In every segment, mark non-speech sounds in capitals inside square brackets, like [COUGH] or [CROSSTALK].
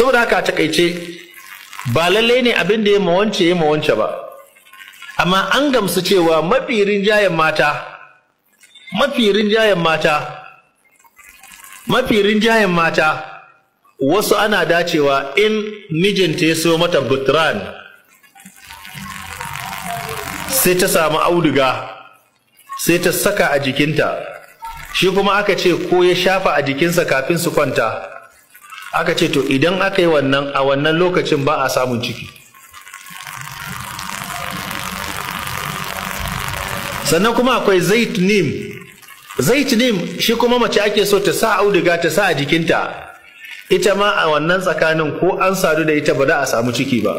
saboda haka a takaice ba lalle ne abin da ya mawance ya mawance ba amma an gamsu cewa mafi rinjayen mata mafi rinjayen mata mafi rinjayen mata wasu ana dacewa in mijinta ya so mata butran sai ta samu auduga sai ta saka a jikinta shi kuma aka ce ko ya shafa a jikinsa kafin su kwanta aka ce to idan aka yi wannan a wannan lokacin ba a samun ciki sannan kuma akwai zait nim shi kuma mace ake so ta sa auduga ta sa a jikinta ita ma a wannan tsakanin ko an sadu da ita ba za a samu ciki ba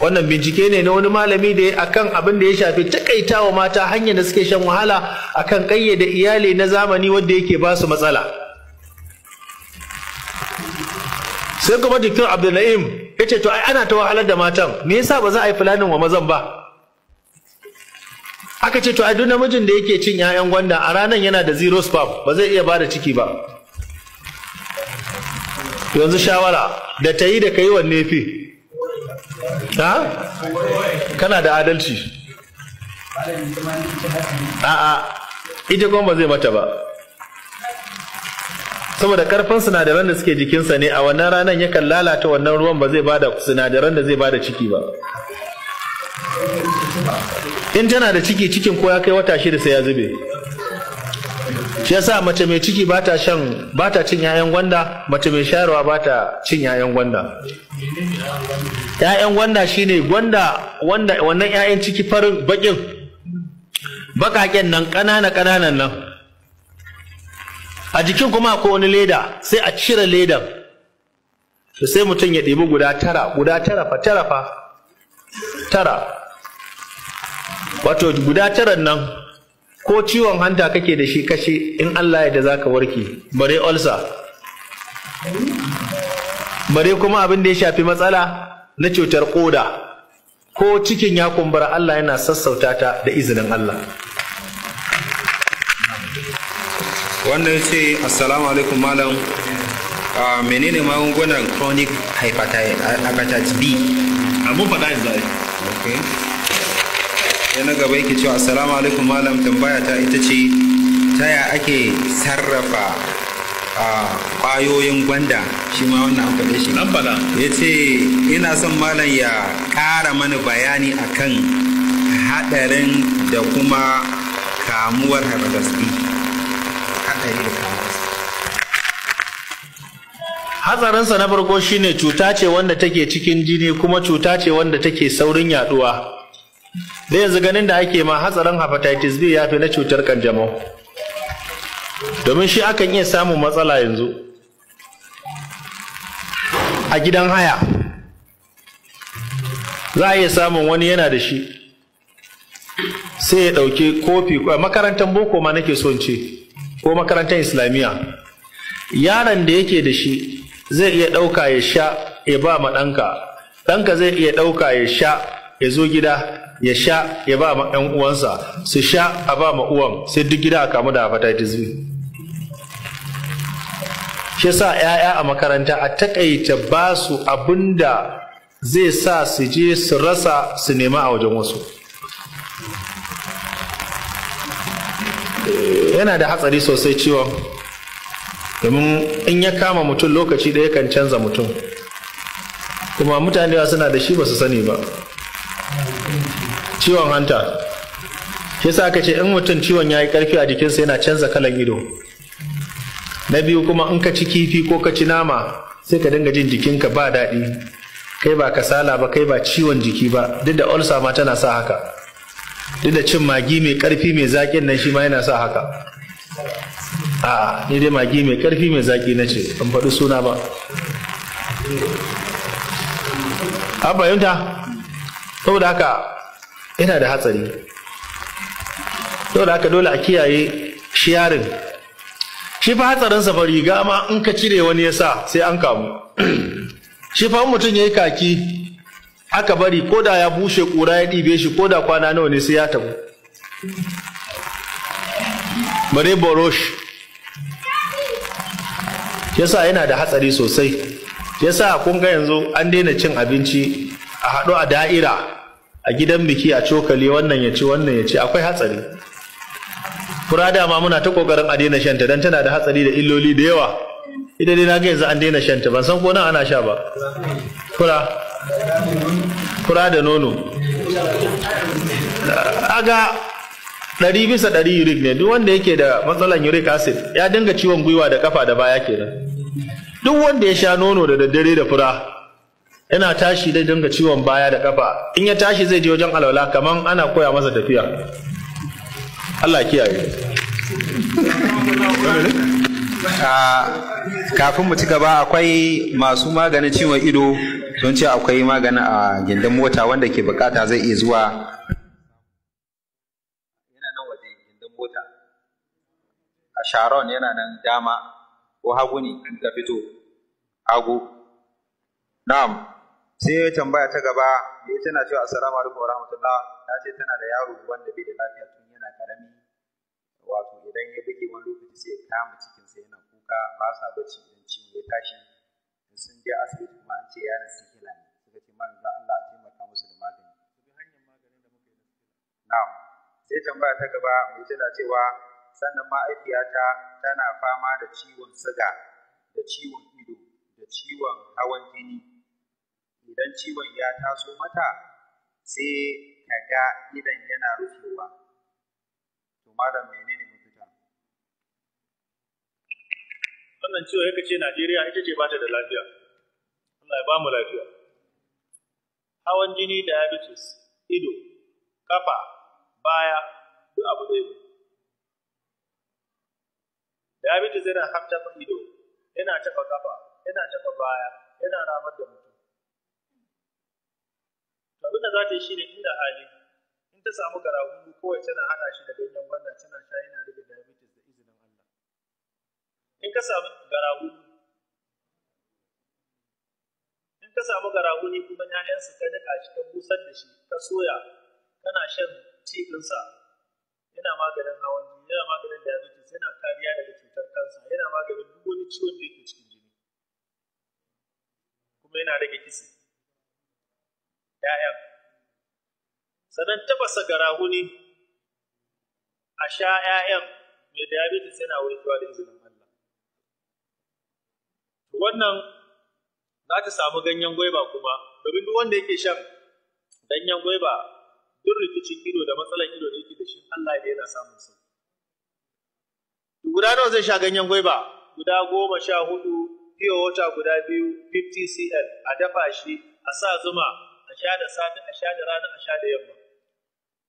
wannan bincike ne na wani malami da akan abin da ya shafi takaitawa mata hanyar da suke shan wahala akan kayyade iyali na zamani wanda yake ba su matsala sai kuma jikin abdulna'im ya ce to ai ana ta wahalar da matan me yasa ba za a yi fulanin wa mazan ba aka ce to ai duk namijin da yake cin 'ya'yan gwanda a ranar yana da zero sperm ba zai iya bada ciki ba yanzu shawara da ta yi da ka yi wa nefi ha kana da adalci a'a ita kuma ba zai mata ba saboda karfin sinadaran da suke jikinsa ne a wannan ranar yakan lalata wannan ruwan ba zai bada sinadaran da zai bada ciki ba in tana da ciki cikin ko ya kai wata shida sai ya zube shi yasa mace mai ciki ba ta shan ba ta cin yayan gwanda mace mai shayarwa ba ta cin yayan gwanda yayan gwanda shine gwanda wanda wannan yayan ciki farin bakin bakaken nan ƙanana ƙananan nan a jikin kuma akwai wani leda sai a cire ledan to sai mutum ya ɗebi guda tara guda tara fa tara fa tara wato guda taran nan ko ciwon hanta kake da shi kashe in Allah ya da zaka warke bare ulcer bare kuma abin da ya shafi matsala na cutar koda ko cikin ya kumbura Allah yana sassauta ta da izinin Allah wannan ya ce assalamu alaikum malam a ah, menene magungunan chronic ah, hepatitis b a ah, mun faɗa yanzu ai ok ya na gaba yake cewa assalamu alaikum malam tambaya ta ita ce ta ya ake sarrafa kwayoyin gwanda shi ma wannan an faɗe shi nan fada ya ce ina son malam ya ƙara mana bayani akan haɗarin da kuma kamuwar hepatitis b hatsarinsa na farko shine cuta ce wanda take cikin jini kuma cuta ce wanda take saurin yaduwa da yanzu ganin da ake ma hatsarin hepatitis B ya fi na cutar kanjamau domin shi akan iya samun matsala yanzu a gidan haya za a iya samun wani yana da shi sai ya ɗauki kofi makarantar boko ma nake son ce ko makarantar islamiyya yaron da yake da shi zai iya ɗauka ya sha ya ba ma ɗanka ɗanka zai iya ɗauka ya sha ya zo gida ya sha ya ba ma ɗan uwansa su sha a ba ma uwan sai duk gida a kamu da hepatitis B. Shi sa ‘ya'ya a makaranta a taƙaita ba su abin da zai sa su je su rasa su nema a wajen wasu. yana da hatsari sosai ciwon domin in ya kama mutum lokaci ɗaya kan canza mutum kuma mutane da suna da shi ba su sani ba ciwon hanta shi sa aka ce in mutum ciwon ya yi ƙarfi a jikinsa yana canza kalan ido na biyu kuma in ka ci kifi ko ka ci nama sai ka dinga jin jikinka ba daɗi kai ba kasala ba kai ba ciwon jiki ba duk da olsa ma tana sa haka duk da cin magi mai karfi mai zaƙin nan shi ma yana sa haka a ni dai magi mai karfi mai zaƙi na ce ban faɗi suna ba an fahimta saboda haka yana da hatsari saboda haka dole a kiyaye shiyarin shi fa hatsarin safari riga ma in ka cire wani ya sa sai an kamu [CLEARS THROAT] shi fa mutum ya yi kaki aka bari ko da ya bushe ƙura ya ɗibe shi ko da kwana nawa ne sai ya tabu bare borosh yasa yana da hatsari sosai yasa kun ga yanzu an daina cin abinci a haɗu a da'ira a gidan biki a cokali wannan ya ci wannan ya ci akwai hatsari fura dama muna ta ƙoƙarin a daina shanta don tana da hatsari da illoli da yawa ita dai na ga yanzu an daina shanta ban san ko nan ana sha ba fura fura da nono aga ɗari bisa ɗari uric ne duk wanda yake da matsalan uric acid ya dinga ciwon gwiwa da kafa da baya kenan duk wanda ya sha nono da daddare da fura yana tashi dai dinga ciwon baya da kafa in ya tashi zai je wajen alwala kaman ana koya masa tafiya Allah kiyaye kafin mu ci gaba akwai masu maganin ciwon ido sun ce akwai magana a gindin mota wanda ke bukata zai iya zuwa yana nan waje gindin mota a sharon yana nan dama ko hagu ne in ka fito hagu na'am sai ya tambaya ta gaba ya tana cewa assalamu alaikum warahmatullah ta ce tana da yaro wanda bai da lafiya tun yana karami wato idan ya buge wani lokaci sai ya kama cikinsa yana kuka ba sa bacci idan ciwo ya tashi sun je asibiti kuma an ce tambaya ta gaba mai tana cewa sannan ma'aikiyata tana fama da ciwon suga da ciwon ido da ciwon hawan jini idan ciwon ya taso mata sai ka ga idan yana rufewa to malam menene mafita wannan ciwon ya ce Najeriya ita ce bata da lafiya Allah ya ba mu lafiya hawan jini diabetes ido kafa baya duk abu ɗaya ne Dabitu zai haftafa ido yana taɓa kafa yana taɓa baya yana ramar da mutum abin da za ta yi shi ne inda hali in ta samu garahu kawai tana haɗa shi da ganyen gwanda tana sha yana rage diabetes da izinin Allah in ka samu garahu in ka samu garahu ne kuma 'ya'yansa ka niƙa shi ka busar da shi ka soya kana shan ci ɗinsa yana maganin hawan jini yana maganin diabetes yana kariya daga cutar kansa yana maganin duk wani ciwon da yake cikin jini kuma yana rage kitse ya'yan sannan tafasa garahuni a sha ya'yan mai diabetes yana warkewa da izinin Allah wannan za ta samu ganyen gwaiba kuma domin duk wanda yake shan ganyen gwaiba duk rikicin ido da matsalar ido da yake da shi Allah ne yana samun su. guda nawa zai sha ganyen gwaiba guda goma sha hudu fiye wata guda biyu 50 cl a dafa shi a sa zuma a sha da a sha da rana a sha da yamma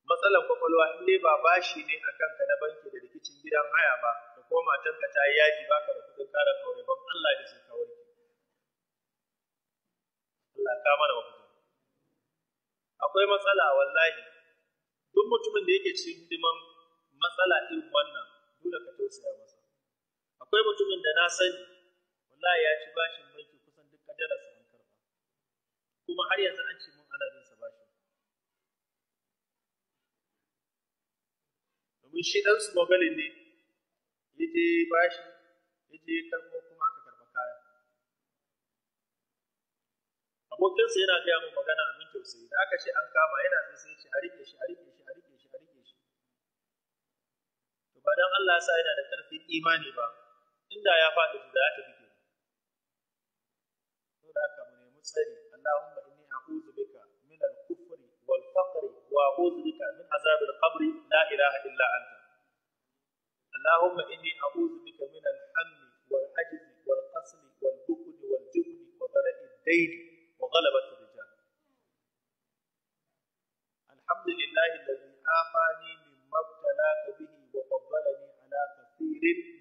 matsalar kwakwalwa in dai ba bashi ne a kanka na banki da rikicin gidan haya ba da kuma matanka ta yi yaji ka da kudin karin aure ban Allah ya zai kawai. Allah ka mana akwai matsala wallahi duk mutumin da yake cikin hidiman matsala irin wannan dole ka tausaya masa akwai mutumin da na sani wallahi ya ci bashin banki kusan duk kadararsa an karba kuma har yanzu an ce mun ana bin sa bashi domin shi dan su mogalin ne yaje bashi yaje karbo abokinsa yana gaya mu magana abin tausayi da aka ce an kama yana da sai a rike shi a rike shi a rike shi a rike shi to ba dan Allah ya sa yana da karfin imani ba inda ya faɗi da ya tafi kenan to da aka mu nemi tsari Allahumma inni a'udhu bika min al-kufri wal faqr wa a'udhu bika min azab al-qabr la ilaha illa anta Allahumma inni a'udhu bika min al-hammi wal ajzi wal qasli wal bukli wal jubni wa dara'i al وغلبة الرجال الحمد لله الذي آفاني مما ابتلاك به وفضلني على كثير